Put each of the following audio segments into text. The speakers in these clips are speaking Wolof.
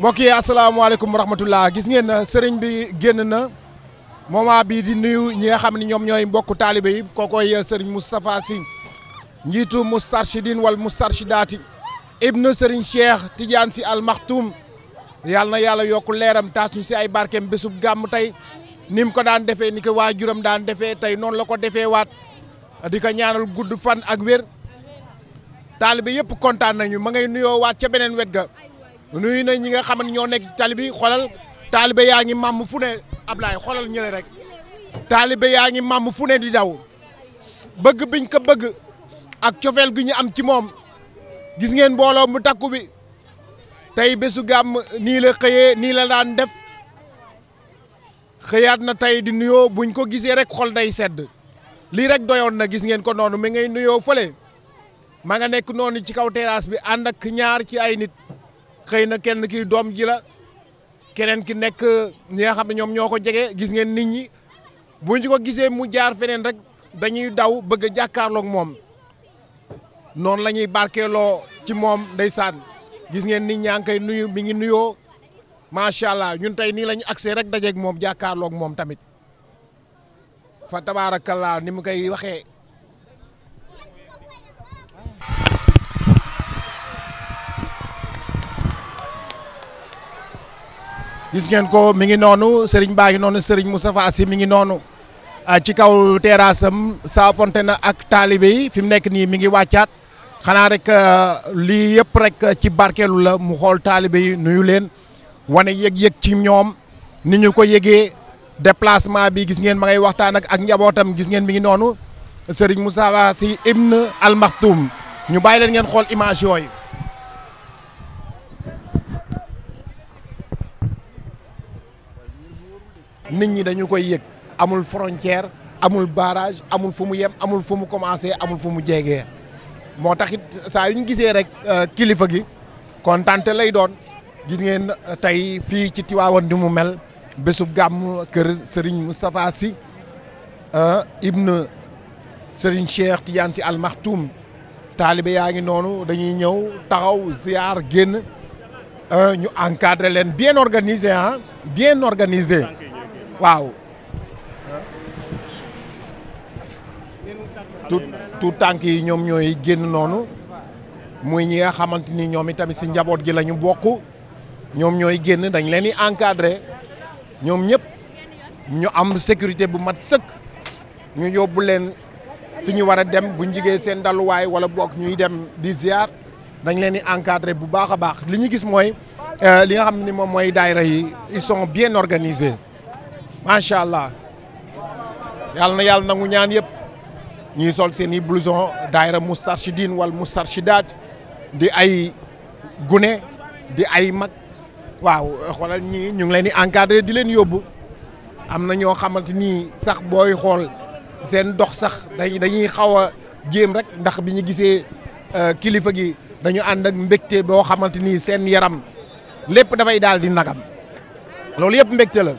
mbokk yi asalaamaaleykum wa rahmatullah gis ngeen na sëriñ bi génn na moment bii di nuyu ñi nga xam ne ñoom ñooy mbokku taalibe yi kookoy euh, sëriñ Moustapha Sy njiitu Moustarchidin wal Moustarchidaati ibnu sëriñ Cheikh tijaan si Al Maktoum na yàlla yokk leeram taas ñu si ay barkeem bésub gàmm tey ni mu ko daan defee ni ko waa waajuram daan defee tey noonu la ko defee waat di ko ñaanal gudd fan ak wér taalibe yëpp kontaan nañu ma ngay nuyoo waat ca beneen wet ga nuyu na ñi nga xam ne ñoo nekk ci tali bi xoolal taalibe yaa ngi màmm fu ne Ablaye xoolal ñële rek taalibe yaa ngi màmm fu ne di daw bëgg biñ ko bëgg ak cofeel gi ñu am ci moom gis ngeen mbooloo mu takku bi tey bésu gàmm nii la xëyee nii la daan def xëyaat na tey di nuyoo buñ ko gisee rek xol day sedd lii rek doyoon na gis ngeen ko noonu mi ngay nuyoo fële ma nga nekk noonu ci kaw terrasse bi ànd ak ñaar ci ay nit xëy na kenn ki doom ji la keneen ki nekk ñi xam ne ñoom ñoo ko jege gis ngeen nit ñi bu ñu ko gisee mu jaar feneen rek dañuy daw bëgg a jàkkaarloog moom noonu la ñuy barkeeloo ci moom ndeysaan gis ngeen nit ñaa ngi koy nuyu mi ngi nuyoo macha allah ñun tey nii la ñu accès rek dajeeg moom jàkkaarloog moom tamit fa tabaarakallaa ni mu koy waxee. gis ngeen ko mi ngi noonu Serigne baa ngi noonu Serigne Moustapha Sy mi ngi noonu ah, ci kaw terrasse am saafonte na ak taalibe yi fi mu nekk nii mi ngi wàccaat xanaa rek ah, lii yëpp rek ci barkeelu la mu xool taalibe yi nuyu leen wane yëg-yëg ci ñoom ni ñu ko yëgee déplacement bi gis ngeen ma ngay waxtaan ak ak njabootam gis ngeen mi ngi noonu Serigne Moustapha Sy ibn Al Maktoum ñu bàyyi leen ngeen xool image yooyu. nit ñi dañu koy yëg amul frontière amul barrage amul fu mu yem amul fu mu commencé amul fu mu jegee moo tax it saa yu ñu gisee rek euh, kilifa gi kontante lay doon gis ngeen euh, tey fii ci Tiwaawan di mu mel bésub gàmm kër Serigne Moustapha Sy euh, ibn Serigne Cheikh Tidiane si Al Maktoum yaa ngi noonu dañuy ñëw taxaw ziar génn ñu encadré leen bien organisé ah bien organiser waaw. tout tànk yi ñoom ñooy génn noonu muy ñi nga xamante ni ñoom itamit si njaboot gi la ñu bokk ñoom ñooy génn dañ leen yi encadrer ñoom ñëpp ñu am sécurité bu mat sëkk ñu yóbbu leen fi ñu war a dem bu ñu jigee seen dalluwaay wala bokk ñuy dem di ziar dañ leen di encadrer bu baax a baax li ñu gis mooy euh, li nga xam ni moom mooy daayira yi ils sont bien organisés. macha allah yàlla na yàlla nangu ñaan yëpp ñuy sol seen i blouson daayira Moustarchidine wala Moustarchidaat di ay gune di ay mag waaw xoolal ñi ñu ngi leen di encadré di leen yóbbu am na ñoo xamante ni sax booy xool seen dox sax dañuy xaw a jéem rek ndax bi ñu gisee euh, kilifa gi dañu ànd ak mbégte boo xamante ni seen yaram lépp dafay daal di nagam loolu yëpp mbégte la.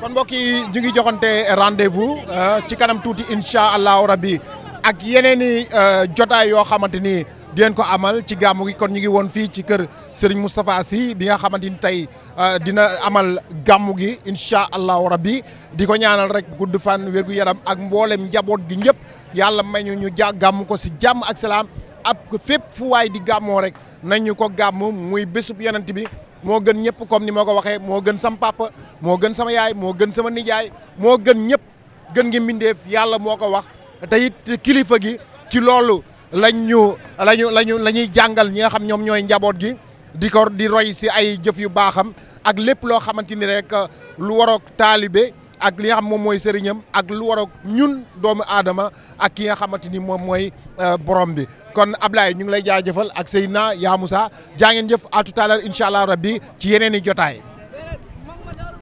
kon mbokk yi ñu ngi joxante rendez-vous euh, ci kanam tuuti incha allahu rabbi ak yeneen i euh, jotaay yoo xamante ni di leen ko amal ci gàmmu gi kon ñu ngi woon fii ci kër Serigne Moustapha si bi nga xamante ni tey euh, dina amal gàmmu gi incha allahu rabbi di ko ñaanal rek gudd fan wér gu yaram ak mboolem njaboot gi ñëpp yàlla may ñu ñu ja gàmm ko si jàmm ak salaam ak fépp fu waay di gàmmoo rek nañ ñu ko gàmm muy bésub yonent bi. moo gën ñëpp comme ni ma ko waxee moo gën sama papa moo gën sama yaay moo gën sama nijaay moo gën ñëpp gën ngi mbindeef yàlla moo ko wax te it kilifa gi ci loolu lañ ñu lañu lañu la ñuy jàngal ñi nga xam ñoom ñooy njaboot gi di ko di roy si ay jëf yu baaxam ak lépp loo xamante ni rek lu waroog taalibe ak li nga xam moom mooy sëriñam ak lu war ñun doomu aadama ak ki nga xamante ni moom mooy euh, borom bi kon Ablaye ñu ngi lay jaajëfal ak na yaa Moussa jaa ngeen jëf à tout incha allah rabbi ci yeneen i jotaay.